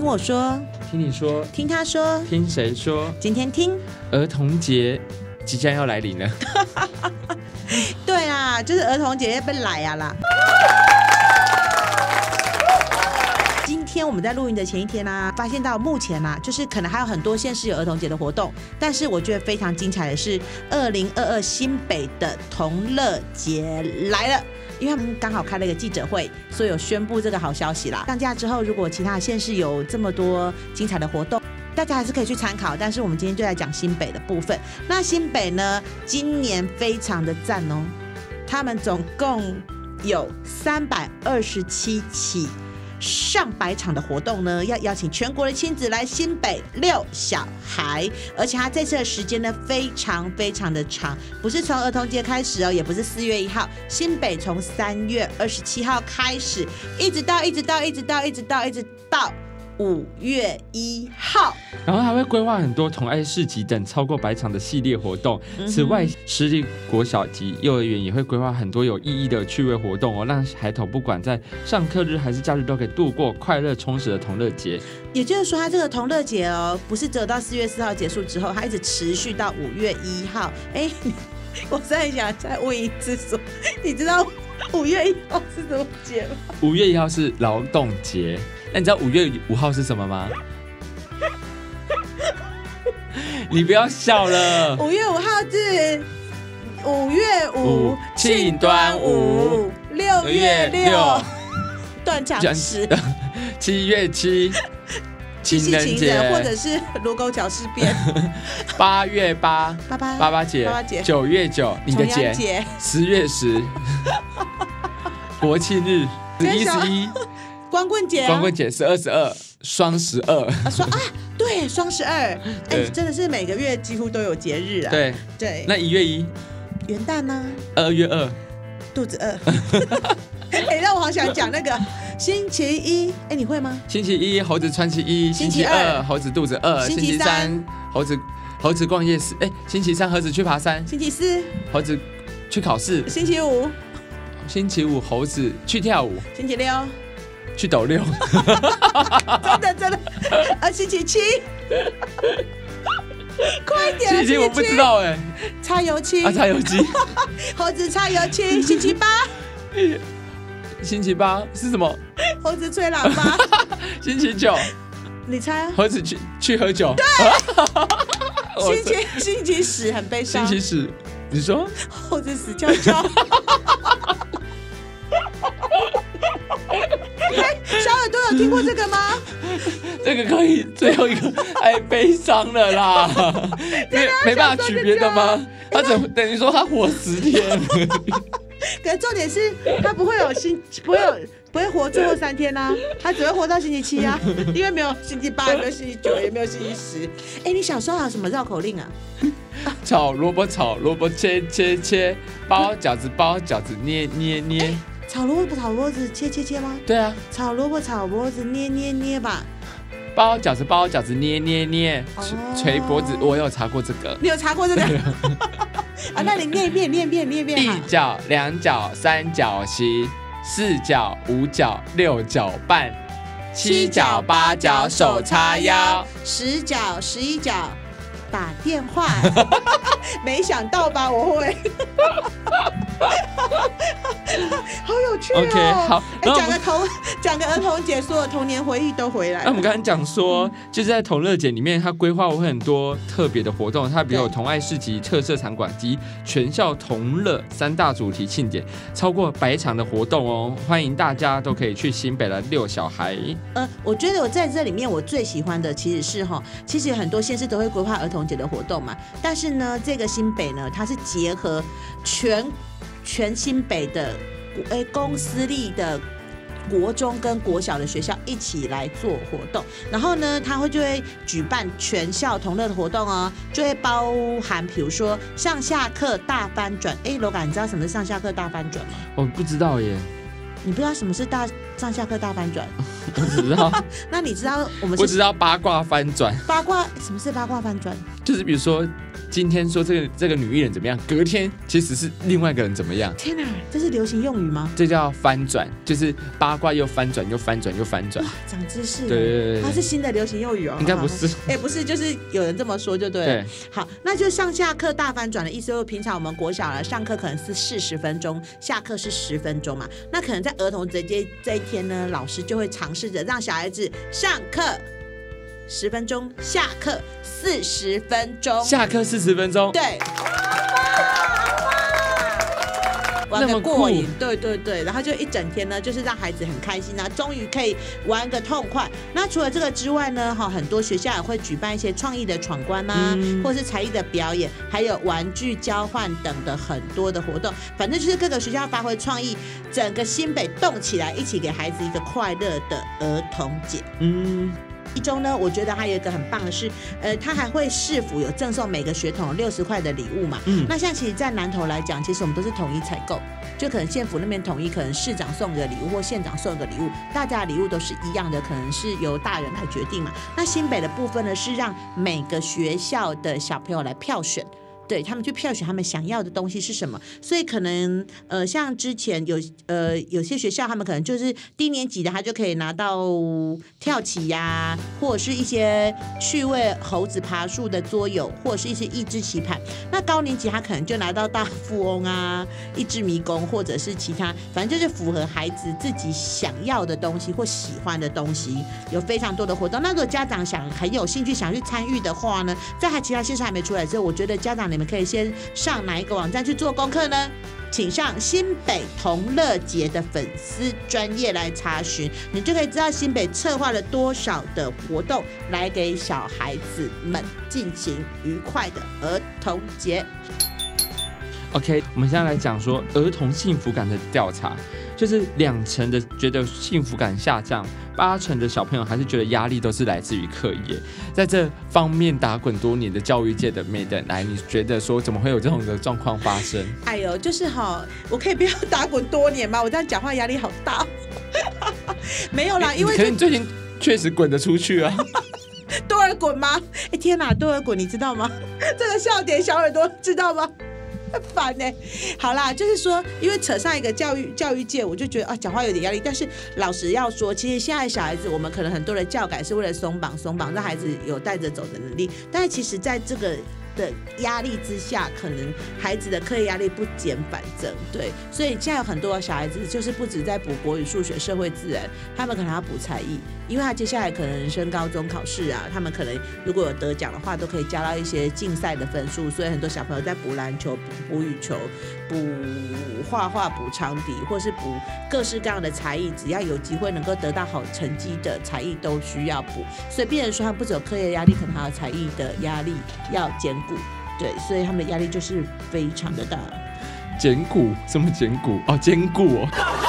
聽我說，聽你說，聽他說，聽誰說？今天聽兒童節即將要來臨呢。對啊，就是兒童節要來啊啦！啊啊啊，今天我們在錄音的前一天啊，發現到目前啊，就是可能還有很多縣市有兒童節的活動，但是我覺得非常精彩的是，二零二二新北的童樂節來了。因為他們剛好開了一個記者會，所以有宣布這個好消息啦。上架之後，如果其他縣市有這麼多精彩的活動，大家還是可以去參考。但是我們今天就來講新北的部分。那新北呢，今年非常的讚哦，他們總共有三百二十七起。上百場的活動呢，要邀請全國的親子來新北遛小孩，而且它這次的時間呢非常非常的長，不是從兒童節開始哦，也不是四月一號，新北從三月二十七號開始，一直到一直到一直到一直到一直到。五月一號，然後還會規劃很多童愛市集等超過百場的系列活動。嗯、哼此外，私立國小及幼兒園也會規劃很多有意義的趣味活動哦，讓孩童不管在上課日還是假日都可以度過快樂充實的童樂節。也就是說，它這個童樂節哦，不是只有到四月四號結束之後，它一直持續到五月一號。哎、欸，我在想再問一次說，說你知道五月一號是什麼節嗎？五月一號是勞動節。那你知道五月五號是什麼嗎？你不要笑了。五月五號是五月五慶端午，六月六斷假，石，七月七七夕情人或者是盧溝橋事變。八月八八八八八節，八八節，九月九你的節，重陽節。十月十國慶日，十一十一。光棍節，光棍節是二十二，雙十二。啊，說啊，對，雙十二，哎，真的是每個月幾乎都有節日啊。對對。那一月一，元旦呢？二月二，肚子餓。哎，那我好想講那個星期一，哎，你會嗎？星期一猴子穿新衣，星期二猴子肚子餓，星期三猴子猴子逛夜市，哎，星期三猴子去爬山，星期四猴子去考試，星期五星期五猴子去跳舞，星期六去斗六 真的真的啊！星期七， 快點、啊！星期七我不知道哎、欸。擦油漆啊，擦油漆！ 猴子擦油漆。星期八，星期八是什麼？猴子吹喇叭。 星期九，你猜？猴子去去喝酒。對。 星期塞星期十很悲傷。星期十，你說？猴子死翹翹。 欸、小耳朵有聽過這個嗎？這個可以最後一個太悲傷了啦，因為、 啊、沒，沒辦法取別的嗎？這個，他怎整麼等於說他活十天？ 可是重點是他不會有星， 不會有不會活最後三天吶、啊，他只會活到星期七呀、啊， 因為沒有星期八，也沒有星期九，也沒有星期十。哎、欸，你小時候還有什麼繞口令啊？炒蘿蔔，炒蘿蔔，切切切，包餃子，包餃子，捏捏捏，捏、欸。炒蘿蔔、炒脖子，切切切嗎？對啊，炒蘿蔔、炒脖子，捏捏捏，捏吧。包餃子、包餃子，捏捏捏。捏哦、捶捶脖子，我有查過這個。你有查過這個？ 啊，那你念一遍，念一遍，念一遍、啊。一角、兩角、三角形、四角、五角、六角半、七角、七角八角手叉腰、十角、十一角。打電話， 沒想到吧？我會， 好有趣哦。OK，好，講、欸、個童，講個兒童節，所有童年回憶都回來。那我們剛剛講說，就是在童樂節裡面，他規劃有很多特別的活動，他比如有同愛市集、特色場館及全校同樂三大主題慶典，超過百場的活動哦，歡迎大家都可以去新北來遛小孩。嗯，我覺得我在這裡面我最喜歡的其實是哈，其實很多縣市都會規劃兒童。同樂的活動嘛，但是呢，這個新北呢，它是結合全全新北的誒、欸、公私立的國中跟國小的學校一起來做活動，然後呢，它會就會舉辦全校同樂的活動哦、喔，就會包含比如說上下課大翻轉，誒、欸，Loga，你知道什麼是上下課大翻轉嗎？我不知道耶。你不知道什麼是大上下課大翻轉？不知道。 那你知道我們？我知道八卦翻轉。八卦，什麼是八卦翻轉？就是比如說。今天說這個這個女藝人怎麼樣，隔天其實是另外一個人怎麼樣？天哪，這是流行用語嗎？這叫翻轉，就是八卦又翻轉，又翻轉，又翻轉。長知識，對，對，對，對它是新的流行用語哦。應該不是，哎、哦，不是，就是有人這麼說就對了。對好，那就上下課大翻轉的意思。就平常我們國小了上課可能是四十分鐘，下課是十分鐘嘛。那可能在兒童節這這一天呢，老師就會嘗試着讓小孩子上課。十分鐘下課四十分鐘，下課四十分鐘，分鐘對，玩個過癮，對對對，然後就一整天呢，就是讓孩子很開心啊，終於可以玩個痛快。那除了這個之外呢，哈，很多學校也會舉辦一些創意的闖關啊、嗯、或者是才藝的表演，還有玩具交換等的很多的活動，反正就是各個學校發揮創意，整個新北動起來，一起給孩子一個快樂的兒童節。嗯。一中呢，我覺得還有一個很棒的是，呃，它還會市府有贈送每個學童六十塊的禮物嘛。嗯，那像其實，在南投來講，其實我們都是統一採購，就可能縣府那邊統一，可能市長送個禮物或縣長送個禮物，大家的禮物都是一樣的，可能是由大人來決定嘛。那新北的部分呢，是讓每個學校的小朋友來票選。對，他們去票選他們想要的東西是什麼，所以可能呃，像之前有呃有些學校，他們可能就是低年級的他就可以拿到跳棋呀、啊，或者是一些趣味猴子爬樹的桌遊，或者是一些益智棋盤。那高年級他可能就拿到大富翁啊、，益智迷宮，或者是其他，反正就是符合孩子自己想要的東西或喜歡的東西，有非常多的活動。那如果家長想很有興趣想去參與的話呢，在他其他信息還沒出來之後，我覺得家長我們可以先上哪一個網站去做功課呢？請上新北童樂節的粉絲專頁來查詢，你就可以知道新北策劃了多少的活動來給小孩子們進行愉快的兒童節。OK，我們現在來講說兒童幸福感的調查。就是兩成的覺得幸福感下降，八成的小朋友還是覺得壓力都是來自於課業。在這方面打滾多年的教育界的 Madam，你覺得說怎麼會有這種的狀況發生？哎呦，就是哈，我可以不要打滾多年嗎？我這樣講話壓力好大。 沒有啦，你因為可是你最近確實滾得出去啊， 多爾袞嗎？哎天哪，多爾袞你知道嗎？這個笑點小耳朵知道嗎？很煩哎，好啦，就是說，因為扯上一個教育教育界，我就覺得啊，講話有點壓力。但是老實要說，其實現在小孩子，我們可能很多的教改是為了鬆綁，鬆綁讓孩子有帶着走的能力。但是其實在這個。的壓力之下，可能孩子的課業壓力不減反增。對，所以現在有很多小孩子，就是不止在補國語、數學、社會、自然，他們可能要補才藝，因為他接下來可能升高中考試啊，他們可能如果有得獎的話，都可以加到一些競賽的分數。所以很多小朋友在補籃球、補羽球。補畫畫、補長笛，或是補各式各樣的才藝，只要有機會能夠得到好成績的才藝都需要補。所以，別人說他不只有課業壓力，可能還有才藝的壓力要兼顧。對，所以他們的壓力就是非常的大。兼顧？什麼兼顧？哦，兼顧、哦。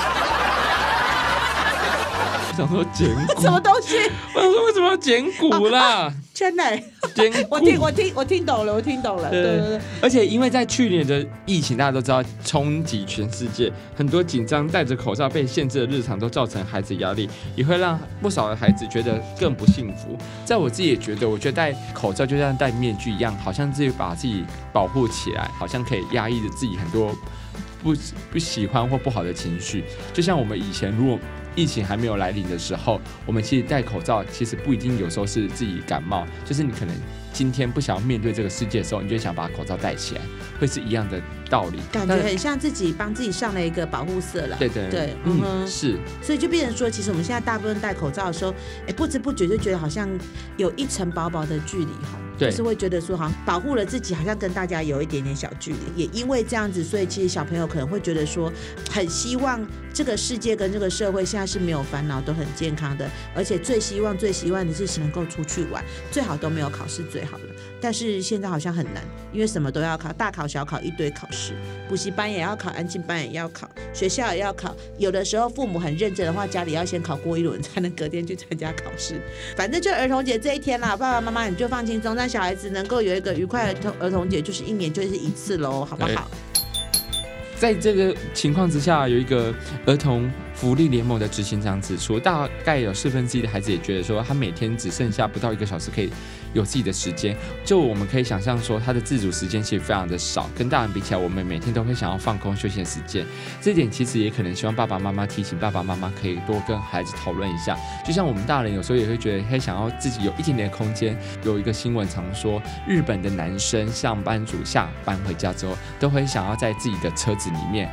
我想說兼顧什麼東西？ 我想說為什麼要兼顧啦？真的、啊。啊我聽我聽我聽懂了，我聽懂了，對對對對。而且，因為在去年的疫情，大家都知道衝擊全世界，很多緊張、戴着口罩被限制的日常，都造成孩子壓力，也會讓不少的孩子覺得更不幸福。在我自己也覺得，我覺得戴口罩就像戴面具一樣，好像自己把自己保護起來，好像可以壓抑着自己很多不不喜歡或不好的情緒，就像我們以前如果。疫情還沒有來臨的時候，我們其實戴口罩，其實不一定。有時候是自己感冒，就是你可能今天不想要面對這個世界的時候，你就想把口罩戴起來，會是一樣的。道理感覺很像自己幫自己上了一個保護色了，對對對，對嗯是，所以就變成說，其實我們現在大部分戴口罩的時候，哎、欸、不知不覺就覺得好像有一層薄薄的距離哈，對就是會覺得說，好像保護了自己，好像跟大家有一點點小距離。也因為這樣子，所以其實小朋友可能會覺得說，很希望這個世界跟這個社會現在是沒有煩惱，都很健康的，而且最希望最希望的是能夠出去玩，最好都沒有考試最好了。但是現在好像很難，因為什麼都要考，大考小考一堆考試。補習班也要考，安親班也要考，學校也要考。有的時候父母很認真的話，家裡要先考過一輪，才能隔天去參加考試。反正就兒童節這一天啦，爸爸媽媽你就放輕鬆，讓小孩子能夠有一個愉快的兒童，兒童節就是一年就是一次嘍，好不好？欸，在這個情況之下，有一個兒童福利聯盟的執行長指出，大概有四分之一的孩子也覺得說，他每天只剩下不到一個小時可以有自己的時間。就我們可以想象說，他的自主時間其實非常的少。跟大人比起來，我們每天都會想要放空休閒時間，這點其實也可能希望爸爸媽媽，提醒爸爸媽媽可以多跟孩子討論一下。就像我們大人有時候也會覺得，他想要自己有一點點空間。有一個新聞常說，日本的男生上班族下班回家之後，都很想要在自己的車子裡面，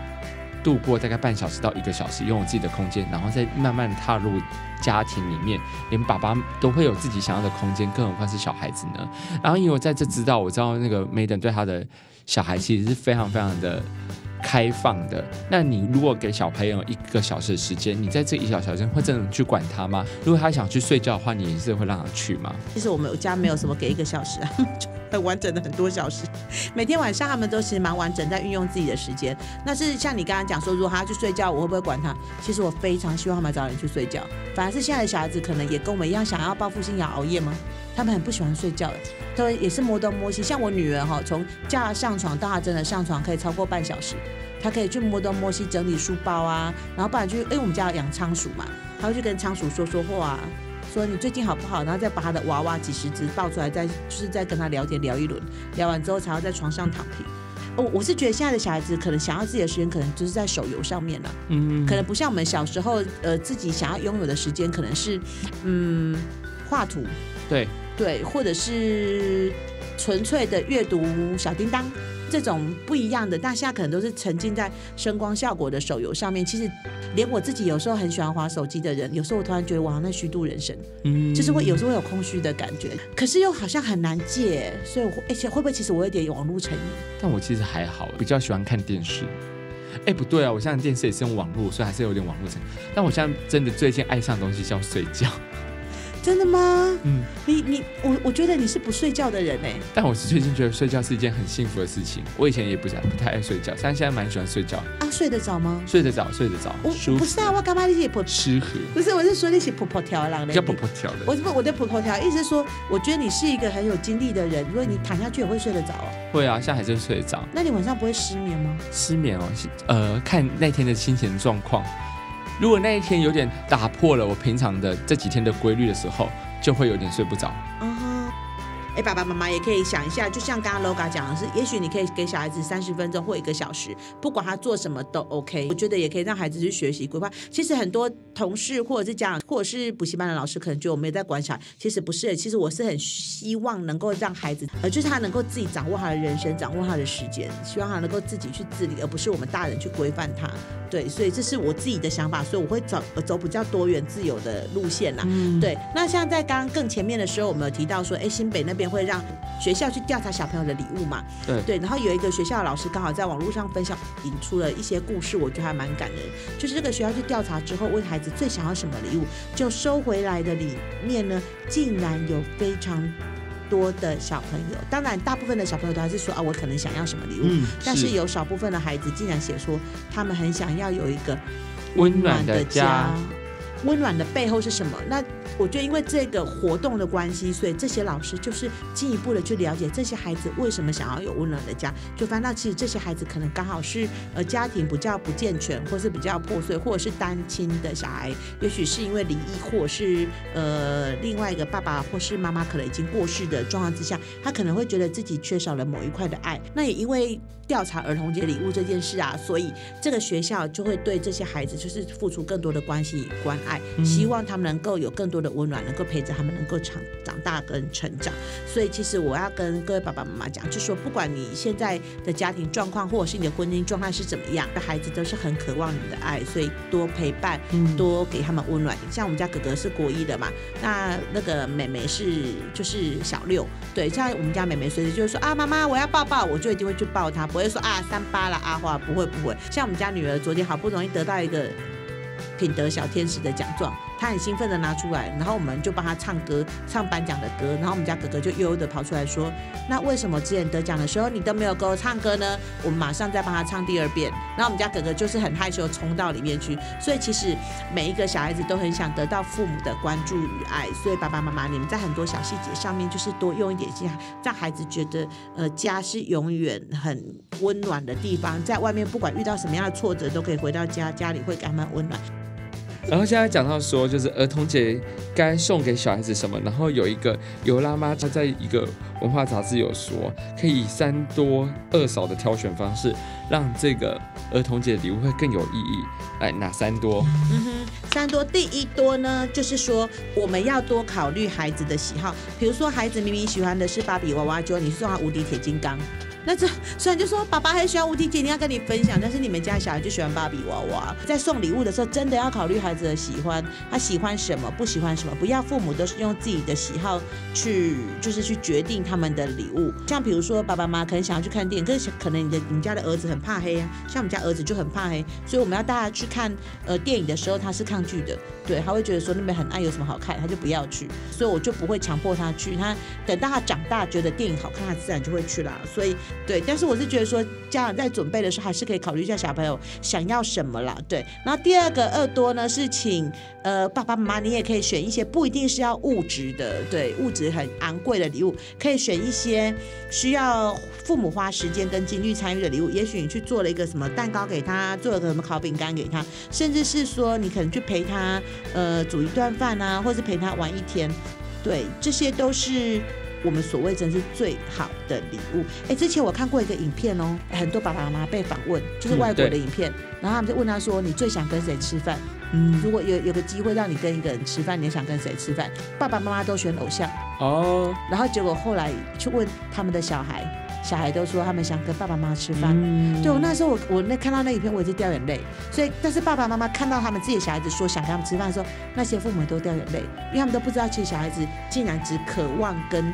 度過大概半小時到一個小時，擁有自己的空間，然後再慢慢踏入家庭裡面，連爸爸都會有自己想要的空間，更何況是小孩子呢？然後因為我在這知道，我知道那個 Madam 對他的小孩其實是非常非常的。開放的，那你如果給小朋友一個小時的時間，你在這一小小時會真的去管他嗎？如果他想去睡覺的話，你也是會讓他去嗎？其實我們家沒有什麼給一個小時啊呵呵，很完整的很多小時，每天晚上他們都其實蠻完整在運用自己的時間。那是像你剛剛講說，如果他要去睡覺，我會不會管他？其實我非常希望他們早點去睡覺。反而是現在的小孩子可能也跟我們一樣，想要報復性要熬夜嗎？他們很不喜歡睡覺的，他們也是摸東摸西。像我女兒哈、喔，從叫她上床到她真的上床，可以超過半小時。她可以去摸東摸西，整理書包啊。然後不然因哎、欸，我們家有養倉鼠嘛，她會去跟倉鼠說說話、啊，說你最近好不好？然後再把她的娃娃幾十隻抱出來再，再就是再跟他聊天聊一輪，聊完之後才要在床上躺平。我、哦、我是覺得現在的小孩子可能想要自己的時間，可能就是在手遊上面了。嗯，可能不像我們小時候，呃，自己想要擁有的時間，可能是嗯，畫圖。對。對，或者是純粹的閱讀《小叮噹》這種不一樣的，大家可能都是沉浸在聲光效果的手遊上面。其實，連我自己有時候很喜歡滑手機的人，有時候我突然覺得我好像在那虛度人生，嗯，就是會有時候有空虛的感覺。可是又好像很難戒，所以而且、欸、會不會其實我有點網絡成癮？但我其實還好，比較喜歡看電視。哎、欸，不對啊，我現在電視也是用網絡，所以還是有點網絡成癮。但我現在真的最近愛上東西叫睡覺。真的嗎？嗯，你你我我覺得你是不睡覺的人哎，但我是最近覺得睡覺是一件很幸福的事情。我以前也不太不太愛睡覺，但現在蠻喜歡睡覺啊，睡得着嗎睡得著？睡得着，睡得着，舒服。不是啊，我幹嘛？那些婆婆，不是，不是，我是說那些婆婆跳的，叫婆婆跳的。我我我的婆婆跳，意思是說，我覺得你是一個很有精力的人，如果你躺下去也會睡得着啊、哦。會、嗯、啊，現在還是睡得着。那你晚上不會失眠嗎？失眠哦，呃，看那天的心情狀況。如果那一天有點打破了我平常的這幾天的規律的時候，就會有點睡不着。哎，欸、爸爸媽媽也可以想一下，就像剛剛 Loga 講的是，也許你可以給小孩子三十分鐘或一個小時，不管他做什麼都 OK。我覺得也可以讓孩子去學習規劃。其實很多同事或者是家長，或者是補習班的老師可能覺得我沒有在管小孩。其實不是，其實我是很希望能夠讓孩子，呃，就是他能夠自己掌握他的人生，掌握他的時間，希望他能夠自己去自理，而不是我們大人去規範他。對，所以這是我自己的想法，所以我會走走比較多元自由的路線啦。嗯、對，那像在剛剛更前面的時候，我們有提到說，哎，新北那邊。會讓學校去調查小朋友的禮物嘛？對對，然後有一個學校的老師剛好在網絡上分享，引出了一些故事，我覺得還蠻感人。就是這個學校去調查之後，問孩子最想要什麼禮物，就收回來的裡面呢，竟然有非常多的小朋友。當然，大部分的小朋友都還是說啊，我可能想要什麼禮物。但是有少部分的孩子竟然寫說他們很想要有一個溫暖的家。溫暖的背後是什麼？那我覺得因為這個活動，的關係、所以這些老師就是進一步的去了解這些孩子為什麼想要有溫暖的家，就發現其實這些孩子可能剛好是呃家庭比較不健全，或是比較破碎，或者是單親的小孩，也許是因為離異，或是呃另外一個爸爸或是媽媽可能已經過世的狀況之下，他可能會覺得自己缺少了某一塊的愛。那也因為調查兒童節禮物這件事啊，所以這個學校就會對這些孩子就是付出更多的關心與關愛，希望他們能夠有更多的。溫暖能夠陪着他們，能夠長長大跟成長。所以其實我要跟各位爸爸媽媽講，就說不管你現在的家庭狀況，或者是你的婚姻狀態是怎麼樣，孩子都是很渴望你的愛，所以多陪伴，多給他們溫暖。像我們家哥哥是國一的嘛，那那個妹妹是就是小六，對，像我們家妹妹隨時就是說啊，媽媽我要抱抱，我就一定會去抱她，不會說啊，三八了阿花，不會不會。像我們家女兒昨天好不容易得到一個品德小天使的獎狀。他很興奮地拿出來，然後我們就幫他唱歌，唱頒獎的歌。然後我們家哥哥就悠悠地跑出來說：“那為什麼之前得獎的時候你都沒有給我唱歌呢？”我們馬上再幫他唱第二遍。然後我們家哥哥就是很害羞，衝到裡面去。所以其實每一個小孩子都很想得到父母的關注與愛。所以爸爸媽媽，你們在很多小細節上面就是多用一點心，讓孩子覺得，呃，家是永遠很溫暖的地方。在外面不管遇到什麼樣的挫折，都可以回到家，家裡會感到溫暖。然後現在講到說，就是兒童節該送給小孩子什麼？然後有一個有辣媽，她在一個文化雜誌有說，可以，以三多二少的挑選方式，讓這個兒童節的禮物會更有意義。哎，哪三多？嗯哼，三多第一多呢，就是說我們要多考慮孩子的喜好，比如說孩子明明喜歡的是芭比娃娃，就你是送他無敵鐵金剛。那這雖然就說爸爸很喜歡無極姐，你要跟你分享，但是你們家小孩就喜歡芭比娃娃。在送禮物的時候，真的要考慮孩子的喜歡，他喜歡什麼，不喜歡什麼，不要父母都是用自己的喜好去，就是去決定他們的禮物。像比如說，爸爸媽媽可能想要去看電影，可是可能你的你家的兒子很怕黑啊，像我們家兒子就很怕黑，所以我們要帶他去看呃電影的時候，他是抗拒的，對，他會覺得說那邊很暗，有什麼好看，他就不要去。所以我就不會強迫他去，他等到他長大覺得電影好看，他自然就會去啦。所以。對，但是我是覺得說，家長在準備的時候，還是可以考慮一下小朋友想要什麼了。對，然後第二個二多呢，是請呃爸爸媽媽，你也可以選一些不一定是要物質的，對，物質很昂貴的禮物，可以選一些需要父母花時間跟精力參與的禮物。也許你去做了一個什麼蛋糕給他，做了個什麼烤餅乾給他，甚至是說你可能去陪他呃煮一頓飯啊，或是陪他玩一天，對，這些都是。我們所謂真是最好的禮物，欸。之前我看過一個影片哦，很多爸爸媽媽被訪問，就是外國的影片，然後他們就問他說：“你最想跟誰吃飯？如果有有個機會讓你跟一個人吃飯，你想跟誰吃飯？”爸爸媽媽都選偶像哦，然後結果後來去問他們的小孩。小孩都說他們想跟爸爸媽媽吃飯，嗯、對，我那時候我我那看到那一篇，我也是掉眼淚。所以，但是爸爸媽媽看到他們自己小孩子說想跟他們吃飯的時候，那些父母都掉眼淚，因為他們都不知道，其實小孩子竟然只渴望跟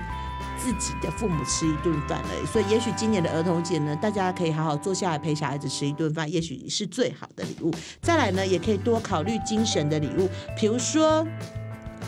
自己的父母吃一頓飯而已。所以，也許今年的兒童節呢，大家可以好好坐下來陪小孩子吃一頓飯，也許是最好的禮物。再來呢，也可以多考慮精神的禮物，比如說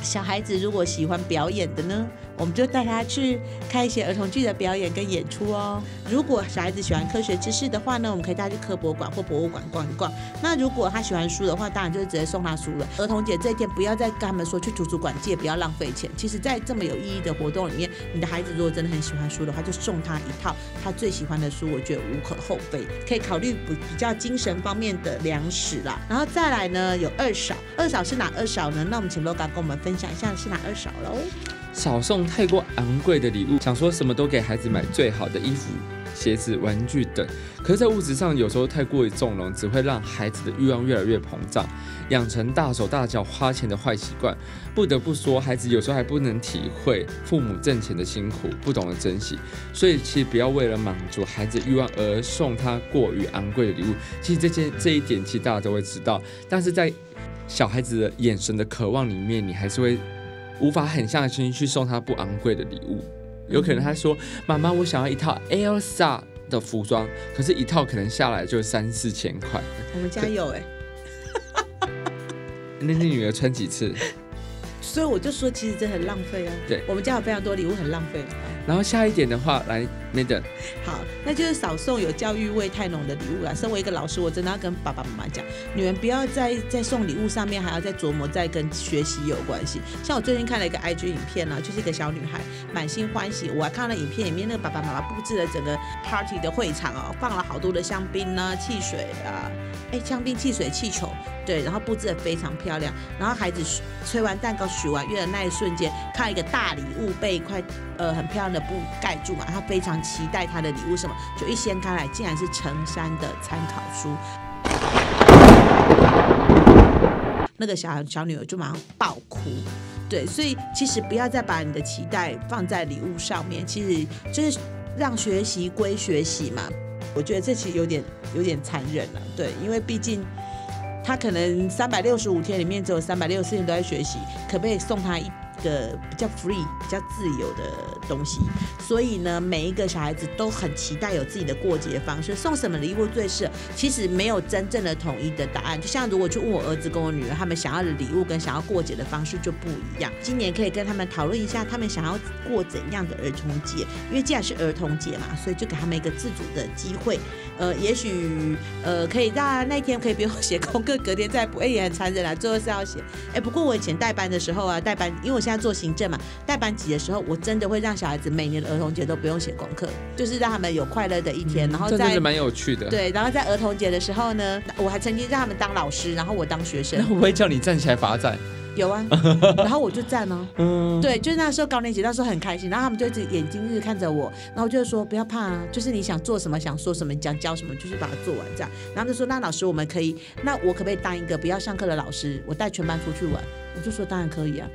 小孩子如果喜歡表演的呢。我們就帶他去看一些兒童劇的表演跟演出哦。如果小孩子喜歡科學知識的話呢，我們可以帶他去科博館或博物館逛一逛。那如果他喜歡書的話，當然就是直接送他書了。兒童節這一天，不要再跟他們說去圖書館借，不要浪費錢。其實，在這麼有意義的活動裡面，你的孩子如果真的很喜歡書的話，就送他一套他最喜歡的書，我覺得無可厚非。可以考慮比較精神方面的糧食啦。然後再來呢，有二少，二少是哪二少呢？那我們請 Loga 跟我們分享一下是哪二少嘍。少送太過昂貴的禮物，想說什麼都給孩子買最好的衣服、鞋子、玩具等。可是，在物質上有時候太過於縱容，只會讓孩子的欲望越來越膨脹，養成大手大腳花錢的壞習慣。不得不說，孩子有時候還不能體會父母掙錢的辛苦，不懂得珍惜。所以，其實不要為了滿足孩子欲望而送他過於昂貴的禮物。其實這些這一點，其實大家都會知道。但是在小孩子的眼神的渴望裡面，你還是會。無法狠下心去送他不昂貴的禮物，有可能他說：“媽媽，我想要一套 Elsa 的服裝，可是，一套可能下來就三四千塊。”我們家有哎，那你女兒穿幾次？ 所以我就說，其實這很浪費啊。對，我們家有非常多禮物，很浪費。然後下一點的話，來。好，那就是少送有教育味太濃的禮物啦。身為一個老師，我真的要跟爸爸媽媽講，你們不要再在，在送禮物上面還要再琢磨，再跟學習有關係。像我最近看了一個 IG 影片呢，就是一個小女孩滿心歡喜。我還看了影片裡面那個爸爸媽媽布置了整個 party 的會場哦，放了好多的香檳呢、啊、汽水啊，哎、欸，香檳、汽水、氣球，對，然後布置的非常漂亮。然後孩子吹，吹完蛋糕、許完願的那一瞬間，看一個大禮物被一塊呃很漂亮的布蓋住嘛，她非常。期待他的禮物什麼，就一掀開來，竟然是成山的參考書。那個小小女兒就馬上爆哭，對，所以其實不要再把你的期待放在禮物上面，其實就是讓學習歸學習嘛。我覺得這其實有點有點殘忍了，對，因為畢竟他可能三百六十五天裡面只有三百六十四天都在學習，可不可以送他一個比較 free、比較自由的？東西，所以呢，每一個小孩子都很期待有自己的過節方式，送什麼禮物最適合？其實沒有真正的統一的答案。就像如果去問我兒子跟我女兒，他們想要的禮物跟想要過節的方式就不一樣。今年可以跟他們討論一下，他們想要過怎樣的兒童節？因為既然是兒童節嘛，所以就給他們一個自主的機會。呃，也許呃可以讓那天可以不用寫功課，隔天再補。哎，也很殘忍啊，最後是要寫。哎，不過我以前代班的時候啊，代班，因為我現在做行政嘛，代班級的時候，我真的會讓。小孩子每年的兒童節都不用寫功課，就是讓他們有快樂的一天。然後真的、嗯、是蠻有趣的。對，然後在兒童節的時候呢，我還曾經讓他們當老師，然後我當學生。那我會叫你站起來罰站。有啊， 然後我就站哦。嗯，對，就是那時候高年級，那時候很開心。然後他們就一直眼睛一直看着我，然後我就是說不要怕、啊，就是你想做什麼，想說什麼，想教什麼，就是把它做完這樣。然後就說那老師我們可以，那我可不可以當一個不要上課的老師？我帶全班出去玩？我就說當然可以啊。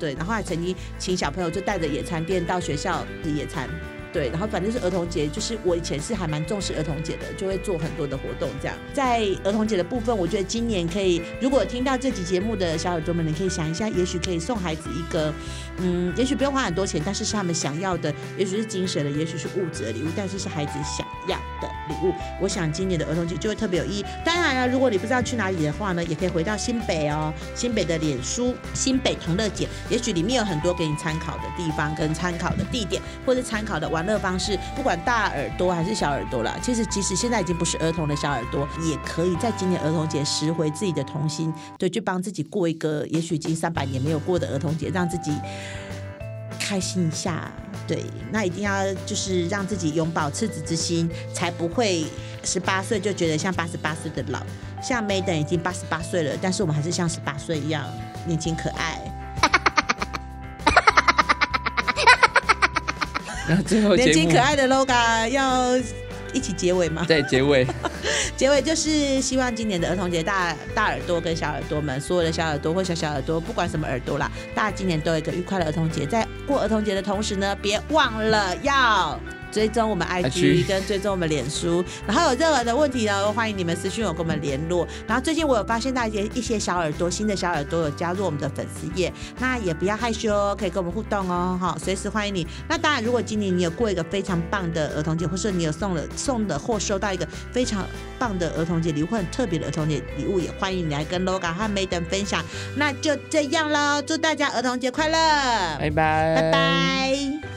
對，然後還曾經請小朋友就帶着野餐墊到學校野餐，對，然後反正是兒童節，就是我以前是還蠻重視兒童節的，就會做很多的活動這樣。在兒童節的部分，我覺得今年可以，如果聽到這集節目的小耳朵們，你可以想一下，也許可以送孩子一個，嗯，也許不用花很多錢，但是是他們想要的，也許是精神的，也許是物質的禮物，但是是孩子想要的。禮物，我想今年的兒童節就會特別有意義。當然了、啊，如果你不知道去哪裡的話呢，也可以回到新北哦。新北的臉書、新北童樂節，也許裡面有很多給你參考的地方、跟參考的地點，或是參考的玩樂方式。不管大耳朵還是小耳朵啦，其實即使現在已經不是兒童的小耳朵，也可以在今年兒童節拾回自己的童心，對，去幫自己過一個也許已經三百年沒有過的兒童節，讓自己開心一下。對，那一定要就是讓自己永葆赤子之心，才不會十八歲就覺得像八十八歲的老。像 Madam 已經八十八歲了，但是我們還是像十八歲一樣年輕可愛。然後最後，年輕可愛的 Loga 要。一起結尾嗎？對，結尾， 結尾就是希望今年的兒童節大，大大耳朵跟小耳朵們，所有的小耳朵或小小耳朵，不管什麼耳朵啦，大家今年都有一個愉快的兒童節。在過兒童節的同時呢，別忘了要。追蹤我們 IG 跟追蹤我們臉書，然後有任何的問題呢，歡迎你們私訊我跟我們聯絡。然後最近我有發現大家一,一些小耳朵，新的小耳朵有加入我們的粉絲頁，那也不要害羞哦，可以跟我們互動哦，好，隨時歡迎你。那當然，如果今年你有過一個非常棒的兒童節，或是你有送了送的或收到一個非常棒的兒童節禮物，或者特別的兒童節禮物，也歡迎你來跟 Loga 和 Madam 分享。那就這樣嘍，祝大家兒童節快樂，拜拜，拜拜。